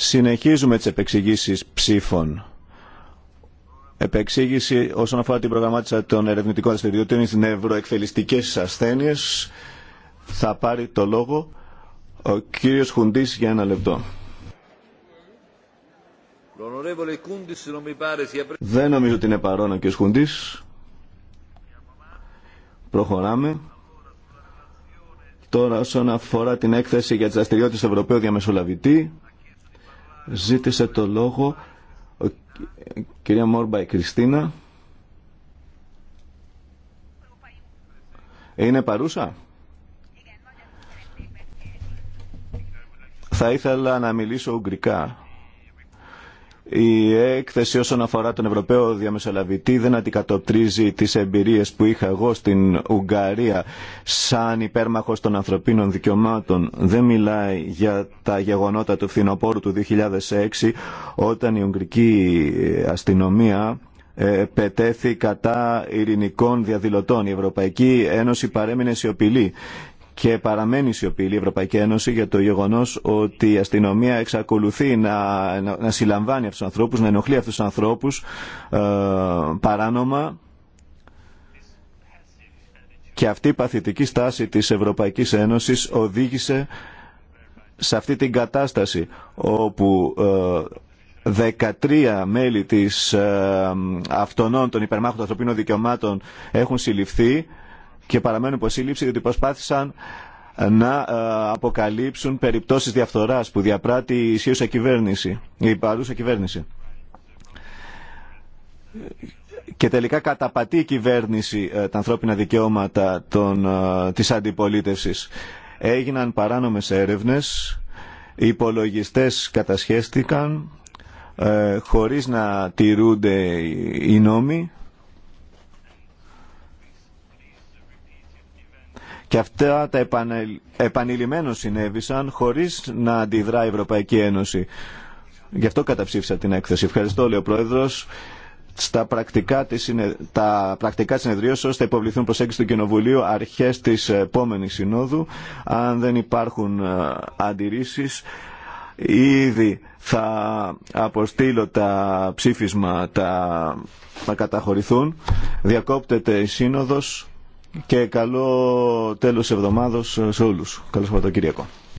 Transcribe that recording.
Συνεχίζουμε τις επεξηγήσεις ψήφων. Επεξήγηση όσον αφορά την προγραμμάτισα των ερευνητικών δραστηριοτήτων στην ευρωεκφελιστικές ασθένειες. Θα πάρει το λόγο ο κύριος Χουντής για ένα λεπτό. Δεν νομίζω ότι είναι παρόν ο κύριος Χουντής. Προχωράμε. Τώρα όσον αφορά την έκθεση για τις δραστηριότητες του Ευρωπαίου Διαμεσολαβητή, Ζήτησε το λόγο ο, κυρία Μόρμπα η Κριστίνα. Είναι παρούσα. Θα ήθελα να μιλήσω ουγγρικά. Η έκθεση όσον αφορά τον Ευρωπαίο Διαμεσολαβητή δεν αντικατοπτρίζει τις εμπειρίες που είχα εγώ στην Ουγγαρία σαν υπέρμαχος των ανθρωπίνων δικαιωμάτων. Δεν μιλάει για τα γεγονότα του φθινοπόρου του 2006 όταν η Ουγγρική αστυνομία ε, πετέθη κατά ειρηνικών διαδηλωτών. Η Ευρωπαϊκή Ένωση παρέμεινε σιωπηλή και παραμένει σιωπηλή η Ευρωπαϊκή Ένωση για το γεγονό ότι η αστυνομία εξακολουθεί να, να, να συλλαμβάνει αυτού του ανθρώπου, να ενοχλεί αυτού του ανθρώπου ε, παράνομα. Και αυτή η παθητική στάση της Ευρωπαϊκής Ένωσης οδήγησε σε αυτή την κατάσταση όπου 13 ε, μέλη της ε, αυτονών των υπερμάχων των ανθρωπίνων δικαιωμάτων έχουν συλληφθεί και παραμένουν σύλληψη διότι προσπάθησαν να ε, αποκαλύψουν περιπτώσεις διαφθοράς που διαπράττει η ισχύουσα κυβέρνηση, η παρούσα κυβέρνηση. Και τελικά καταπατεί η κυβέρνηση ε, τα ανθρώπινα δικαιώματα των, ε, της αντιπολίτευσης. Έγιναν παράνομες έρευνες, οι υπολογιστές κατασχέστηκαν, χωρίς να τηρούνται οι νόμοι Και αυτά τα επανειλημμένως συνέβησαν χωρίς να αντιδρά η Ευρωπαϊκή Ένωση. Γι' αυτό καταψήφισα την έκθεση. Ευχαριστώ, λέει ο Πρόεδρος. Στα πρακτικά της Τα πρακτικά θα υποβληθούν προσέγγιση του Κοινοβουλίου αρχές της επόμενης συνόδου. Αν δεν υπάρχουν ε, αντιρρήσεις, ήδη θα αποστείλω τα ψήφισμα, τα, θα καταχωρηθούν. Διακόπτεται η σύνοδος και καλό τέλος εβδομάδος σε όλους. Καλό Σαββατοκύριακο.